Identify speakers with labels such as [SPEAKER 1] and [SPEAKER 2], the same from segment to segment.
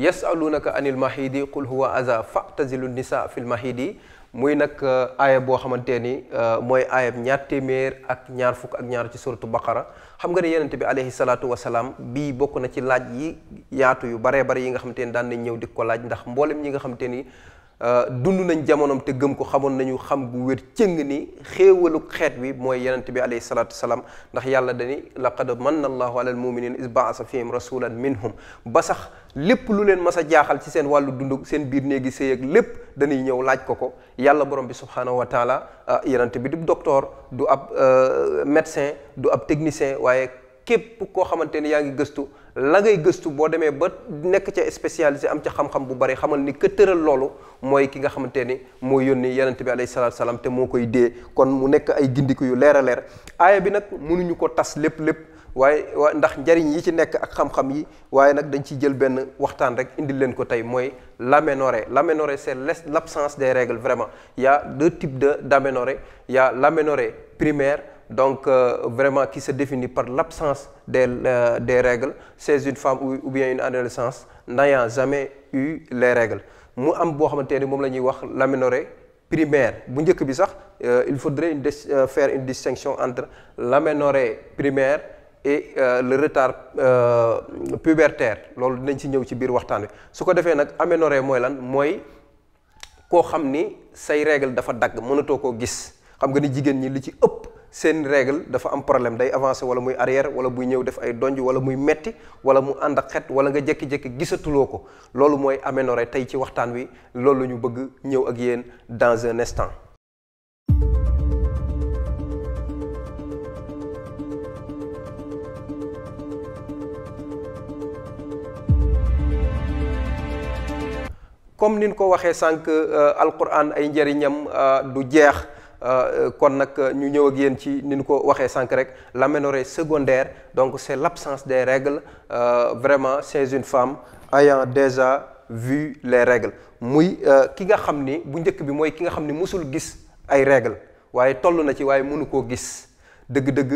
[SPEAKER 1] yasalunaka anil mahidi qul huwa aza fa'tazilu nisa fil mahidi muy nag uh, aaya boo xamante ni uh, mooy aayab ñaar téeméer ak ñaar fukk ak ñaar ci suratu baqara xam nga ne yonente bi alayhi salaatu wasalaam bii bokk na ci laaj yi yaatu yu baree bari yi nga xamante ni daan nañ ñëw di ko laaj ndax mboolem ñi nga xamante ni Euh, dund nañ jamonoom te gëm ko xamoon nañu xam gu wér cëng ni xéewalu xeet wi mooy yenant bi alayhi salaatu wasalaam ndax yàlla dani laqad man allahu ala al muminin ba baasa fihim rasulan minhum ba sax lépp lu leen mas a jaaxal ci seen wàllu dund seen biir néegi sëy ak lépp dañuy ñëw laaj ko ko yàlla borom bi subhaanahu wa taala ah, yenent bi du docteur du ab euh, médecin du ab technicien waaye képp koo xamante ni yaa ngi gëstu la ngay gëstu boo demee ba nekk ca spécialisé am ca xam-xam bu bari xamal ni ka tëral loolu mooy ki nga xamante ni moo yónni yonent bi alayhi salaatu salaam te moo koy dee kon mu nekk ay gindiku yu leer a leer aaya bi nag mënuñu ko tas lépp lépp waaye waa ndax njariñ yi ci nekk ak xam-xam yi waaye nag dañ ciy jël benn waxtaan rek indil leen ko tey mooy l'aménorrhée l'aménorrhée c'est l'absence des règles vraiment il y a deux types de d'aménorrhée il y a primaire donc euh, vraiment qui se définit par l'absence des, euh, des, règles, c'est une femme ou, ou, bien une adolescence n'ayant jamais eu les règles. Nous wax l'aménorrhée primaire. bu njëkk bi sax euh, il faudrait une euh, faire une distinction entre l'aménorrhée primaire et le retard pubertaire. loolu dinañ ci ñëw ci biir waxtaan wi su ko defee nag aménorrhée mooy lan mooy koo xam ni say règle dafa dagg mënatoo koo gis xam nga ni jigéen ñi li ci ëpp. seen règle dafa am problème day avancé wala muy arrière wala muy ñëw def ay donj wala muy metti wala mu ànd ak xet wala nga jékki-jékki gisatuloo ko loolu mooy aménorrhée tey ci waxtaan wi loolu la ñu bëgg ñëw ak yéen dans un instant. comme ni ñu ko waxee sànq euh, alquran ay njëriñam euh, du jeex. Euh, euh, kon nag euh, ñu ñëw ak ci ni ñu ko waxee sànq rek l'aménorrhée secondaire donc c'est l'absence des règles euh, vraiment chez une femme ayant déjà vu les règles muy ki nga xam ni bu njëkk bi mooy ki nga xam ni musul gis ay règles waaye toll na ci waaye mënu koo gis dëgg-dëgg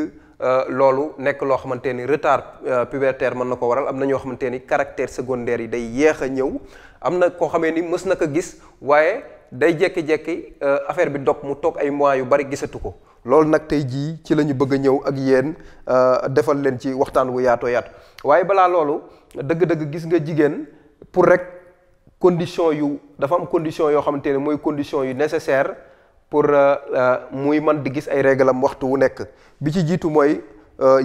[SPEAKER 1] loolu nekk loo xamante ni retard pubertaire mën na ko waral am na ñoo xamante ni caractère secondaire yi day yéex a ñëw am na koo xamee ni mës na ko gis waaye day jékki-jékki euh, affaire bi dog mu toog ay mois yu bari gisatu ko loolu nag tey jii ci la ñu bëgg a ñëw ak yéen euh, defal leen ci waxtaan wu yaatoo yaatu waaye balaa loolu dëgg-dëgg gis nga jigéen pour rek condition yu dafa am condition yoo xamante ne mooy condition yu nécessaire pour euh, muy man di gis ay réglam waxtu wu nekk bi ci jiitu mooy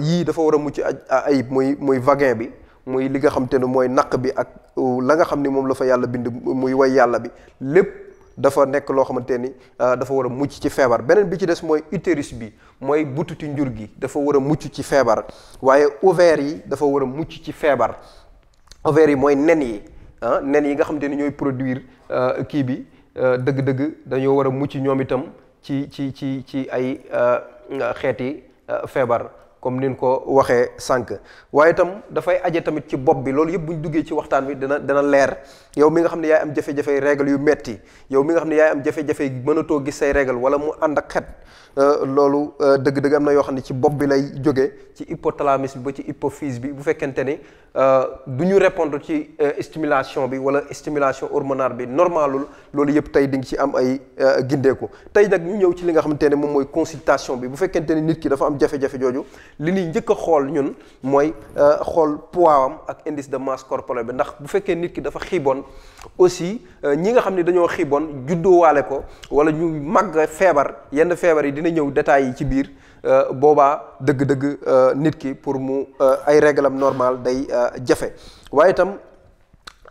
[SPEAKER 1] yii dafa war a mucc ayib muy muy vagin bi muy li nga xam te ne mooy naq bi ak la nga xam ni moom la fa yàlla bind muy way yàlla bi lépp dafa nekk loo xamante ni euh, dafa war a mucc ci feebar beneen bi ci des mooy utérus bi mooy bututi njur gi dafa war a mucc ci feebar waaye ovaire yi dafa war a mucc ci feebar ovaire yi mooy nen yi ah, nen yi nga xamante ni ñooy produire euh, kii bi euh, dëgg-dëgg dañoo war a mucc ñoom itam ci ci ci ci ay xeeti feebar comme nin ko waxee sànq waaye itam dafay aje tamit ci bopp bi loolu yëpp bu ñu duggee ci waxtaan wi dana dana leer yow mi nga xam ne yaay am jafe-jafe yu metti yow mi nga xam ne yaay am jafe mënatoo gis say règle wala mu ànd ak xet euh, loolu euh, dëgg-dëgg am na yoo xam ne ci bopp bi lay jóge ci hypothalamus bi ba ci hypophyse bi bu fekkente ni du euh, ñu répondre ci euh, stimulation bi wala stimulation hormonale bi normalul loolu yëpp tey di nga ci am ay euh, gindeeku tey nag ñu ñëw ci li nga xamante ne moom mooy consultation bi bu fekkente ne nit ki dafa am jafe-jafe jooju li ñuy njëkk a xool ñun mooy xool poids am ak indice de masse corporelle bi ndax bu fekkee nit ki dafa xiiboon aussi ñi nga xam ne dañoo xiiboon juddoowaale ko wala ñu màgg feebar yenn feebar yi dina ñëw détails yi ci biir Euh, boobaa dëgg-dëgg euh, nit ki pour mu euh, ay réglam normal day jafe waaye itam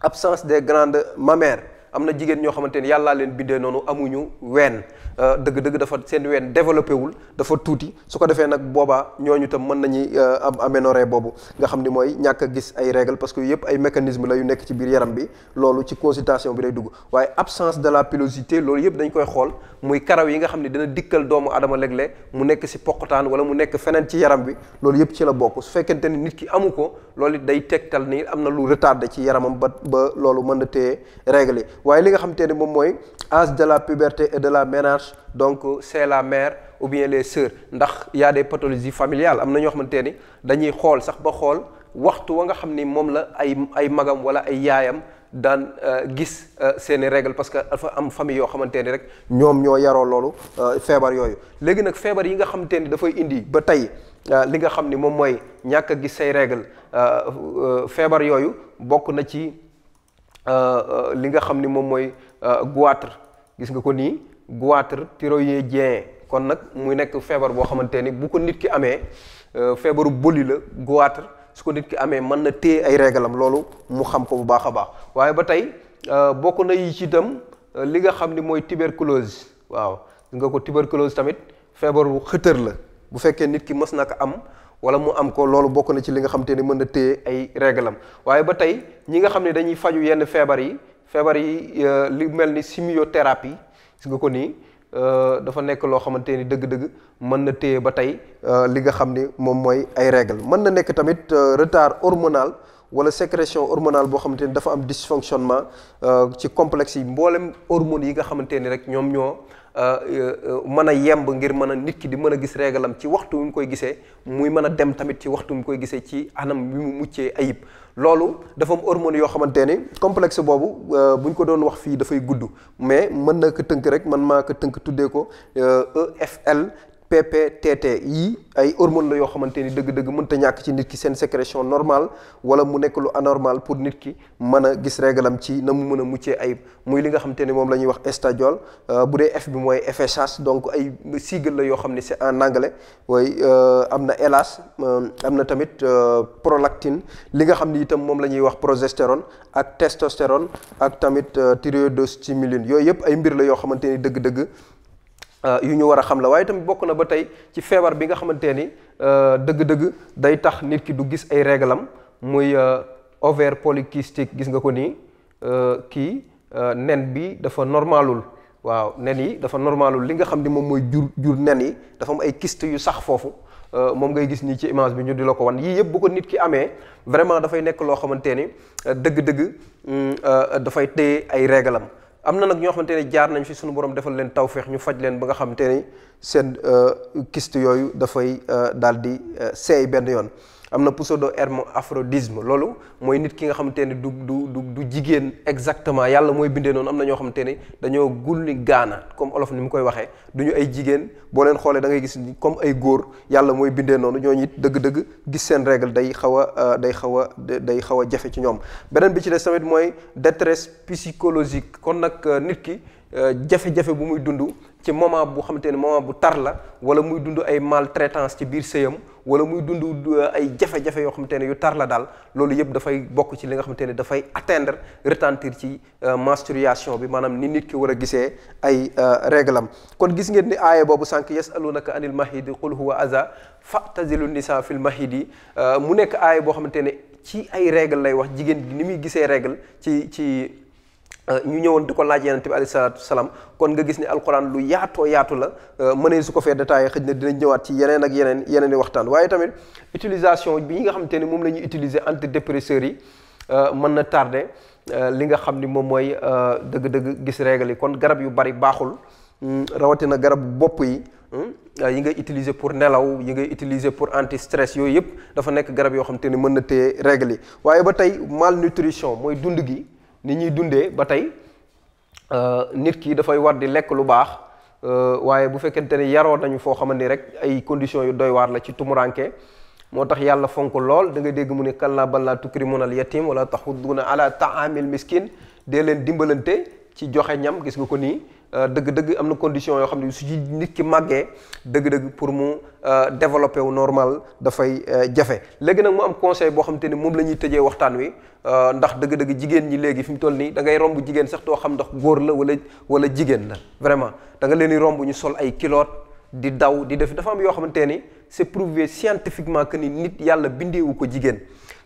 [SPEAKER 1] absence des grande mamelles am na jigéen ñoo xamante ni yàllaa leen bindee noonu amuñu ween euh, dëgg-dëgg dafa seen ween développé wul dafa tuuti su ko defee nag boobaa ñu tam mën nañuy euh, am aménorrhée boobu nga xam ni mooy ñàkk a gis ay règles parce que yëpp ay mécanisme la yu nekk ci biir yaram bi loolu ci consultation bi day dugg waaye absence de la pilosité loolu yëpp dañu koy xool muy karaw yi nga xam ni dina dikkal doomu adama legle mu nekk si poqataan wala mu nekk feneen ci yaram bi loolu yëpp ci la bokk su fekkente ni nit ki amu ko loolu it day tegtal ni am na lu retardé ci yaramam ba ba loolu mën na téye règle waaye li nga xamante ne moom mooy âge de la puberté et de la ménage donc c'est la maire ou bien les sœurs ndax y a des pathologies familiales am na ñoo xamante dañuy xool sax ba xool waxtu wa nga xam ni moom la ay ay magam wala ay yaayam daan euh, gis euh, seeni règle parce que dafa am famille yoo xamante ni rek ñoom ñoo yaroo loolu euh, feebar yooyu léegi nag feebar yi nga xamante ni dafay indi ba tey li nga xam ni moom mooy ñàkk a gis say règle feebar yooyu bokk na ci Euh, euh, li nga xam ni moom mooy euh, goitre gis nga ko nii goitre thyroïdien kon nag mu nekk feebar boo xamante ni bu ko nit ki amee feebaru boli la goitre su ko nit ki amee mën na téye ay régalam loolu mu xam ko bu baax a baax waaye ba tey bokk na yi ci itam li nga xam ni mooy tuberculose waaw nga ko tuberculose tamit feebaru xëtër la bu fekkee nit ki mës na ko am wala mu am ko loolu bokk na ci li nga xam te ne mën na téye ay réglam waaye ba tey ñi nga xam ne dañuy faju yenn feebar yi feebar yi euh, li mel ni chimiothérapie gis nga ko nii euh, dafa nekk loo xamante ni dëgg-dëgg mën na téye ba tey euh, li nga xam ni moom mooy ay règle mën na nekk tamit retard hormonal wala sécrétion hormonale boo xamante ni dafa am dysfonctionnement euh, ci complexe yi mboolem hormones yi nga xamante ni rek ñoom ñoo euh, mën a yemb ngir mën a nit ki di mën a gis régalam ci waxtu wi mu koy gisee muy mën a dem tamit ci waxtu wi mu koy gisee ci anam bi mu muccee ayib loolu dafa am hormone yoo xamante ni complexe boobu euh, bu ñu ko doon wax fii dafay gudd mais mën na ko tënk rek man maa ko tënk tuddee ko EFL e yii ay hormones la yoo xamante ni dëgg-dëgg mënta ñàkk ci nit ki seen sécrétion normal wala mu nekk lu anormal pour nit ki mën a gis régalam ci na mu mën a muccee ay muy li nga xamante ni moom la ñuy wax estradiol euh, bu dee F bi mooy FSH donc ay sigle la yoo xam ne c'est en anglais waaye euh, am na hélas euh, am na tamit prolactine li nga xam ni itam moom la ñuy wax progestérone ak testostérone ak tamit ci thyroïdostimulines yooyu yëpp ay mbir la yoo xamante ni dëgg-dëgg. Euh, yu ñu war a xam la waaye tamit bokk na ba tey ci feebar bi nga xamante ni euh, dëgg-dëgg day tax nit ki du gis ay reglam muy euh, ovaire polycystique gis nga ko nii kii nen bi dafa normalul waaw nen yi dafa normalul li nga xam ni moom mooy jur jur nen yi dafa am ay kyste yu sax foofu moom ngay gis nii ci image bi ñu di la ko wan yii yëpp bu ko nit ki amee vraiment dafay nekk loo xamante ni dëgg-dëgg mm, dafay téye ay reglam am na nag ñoo xamante ne jaar nañ fi suñu borom defal leen tawféex ñu faj leen ba nga xamante ne seen euh, kyste yooyu dafay euh, daal di euh, seey benn yoon am na pseudo herme aphrodisme loolu mooy nit ki nga xamante ne du du du du jigéen exactement yàlla mooy bindee noonu am na ñoo xamante ne dañoo gulli gaana comme olof ni mu koy waxee du ñu ay jigéen boo leen xoolee dangay ngay gis comme ay góor yàlla mooy bindee noonu ñooñu it dëgg-dëgg gis seen règle day xaw a euh, day xaw a day xaw a jafe ci ñoom beneen bi ci de tamit mooy détresse psychologique kon nag euh, nit ki Euh, jafe-jafe bu muy dund ci moment bu xamante ne moment bu tar la wala muy dund ay maltraitance ci biir sëyam wala muy dund euh, ay jafe-jafe yoo xamante ne yu tar la daal loolu yëpp dafay bokk ci li nga xamante ne dafay atteindre retentir ci euh, menstruation bi maanaam ni nit ki war a gisee ay réglam kon gis ngeen ni aaya boobu sànq yasalunaka anil mahidi qul huwa aza fatazilu nisa fil mahidi mu nekk aaya boo xamante ne ci ay règle lay wax jigéen ni muy gisee règle ci ci ñu ñëwoon di ko laaj yonent bi alayhi salaatu salaam kon nga gis ni alquran lu yaatoo yaatu la euh, mënee su ko fee détaillé xëj na dinañ ñëwaat ci yeneen ak yeneen yeneen i waxtaan waaye tamit utilisation bi nga xamante ni moom la ñuy utiliser antidépresseurs yi euh, mën na tardé euh, li nga xam ni moom mooy dëgg-dëgg gis règle yi kon garab yu bari baaxul hmm, rawatina garab bopp yi hmm, yi ngay utiliser pour nelaw yi ngay utiliser pour anti stress yooyu yëpp dafa nekk garab yoo xam ni mën na téye règle yi waaye ba tey malnutrition mooy dund gi. ni ñuy dundee ba tey euh, nit kii dafay war di lekk lu baax euh, waaye bu fekkente ne yaroo nañu foo xamante ni rek ay conditions yu doy waar la ci tumuraanke moo tax yàlla fonk lool da nga dégg mu ne kalla bal laa tukrimuuna al yatim wala taxudduuna ala taamil miskin dee leen dimbalante ci joxe ñam gis nga ko nii Euh, dëgg-dëgg am na condition yoo xam ne su ci nit ki màggee dëgg-dëgg pour mu euh, développer wu normal dafay euh, jafe léegi nag mu am conseil boo xam te ni moom la ñuy tëjee waxtaan wi ndax dëgg-dëgg jigéen ñi léegi fi mu toll nii da ngay romb jigéen sax doo xam ndax góor la wala wala jigéen la vraiment da nga leen di romb ñu sol ay kiloot di daw di def dafa am yoo xamante ni c'est prouvé scientifiquement que ni nit yàlla bindeewu ko jigéen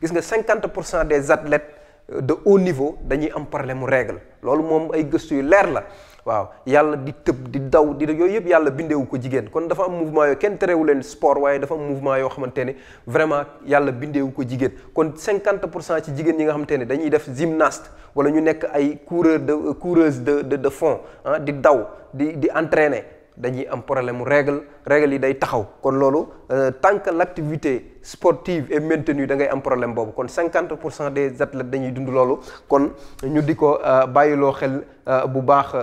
[SPEAKER 1] gis nga pour cent des athlètes de haut niveau dañuy am problème mu règle loolu moom ay gëstu yu leer la. waaw yàlla di tëb di daw di yooyu yëpp yàlla bindeewu ko jigéen kon dafa am mouvement yoo kenn terewu leen sport waaye dafa am mouvement yoo xamante ne vraiment yàlla bindeewu ko jigéen kon 50 pour cent ci jigéen ñi nga xamante ne dañuy def gymnaste wala ñu nekk ay coureur de coureuse de de de fond ah di daw di di entraîner dañuy am problème mu règle règle yi day taxaw kon loolu euh, tant que l' activité sportive est maintenue da ngay am problème boobu kon 50 pour cent des athlètes dañuy dund loolu kon ñu di ko euh, bàyyiloo xel euh, bu baax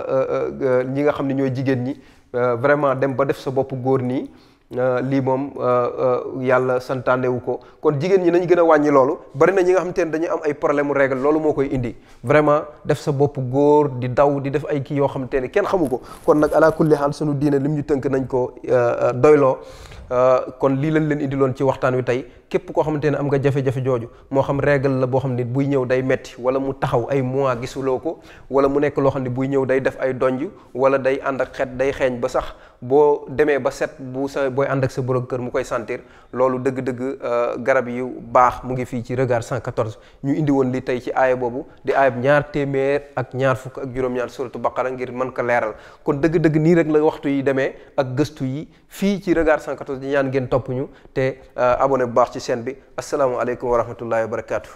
[SPEAKER 1] ñi nga xam ne ñooy jigéen ñi vraiment dem ba def sa bopp góor nii Euh, lii moom euh, euh, yàlla santaane wu ko kon jigéen ñi nañ gën a wàññi loolu bari na ñi nga xam te ne dañu am ay problème mu loolu moo koy indi vraiment def sa bopp góor di daw di def ay kii yoo xam te ne kenn xamu ko kon nag alaakul kulli xaal sunu diine lim ñu tënk nañ ko doyloo Euh, kon lii lañ leen loon ci waxtaan wi tey képp koo xamante ne am nga jafe-jafe jooju moo xam règle la boo xam ne buy ñëw day metti wala mu taxaw ay mois gisuloo ko wala mu nekk loo xam ne buy ñëw day def ay donj wala day ànd ak xet day xeeñ ba sax boo demee ba set bu sa booy ànd ak sa borom kër mu koy sentir loolu dëgg-dëgg euh, garab yu baax mu ngi fii ci regard 114 ñu indi woon li tey ci aaya boobu di aayab ñaar téeméer ak ñaar fukk ak juróom-ñaar suratu ngir mën ko leeral kon di ñaan ngeen topp ñu te euh, abonné bu baax ci seen bi asalaamaaleykum wa rahmatullahi wa barakaatu.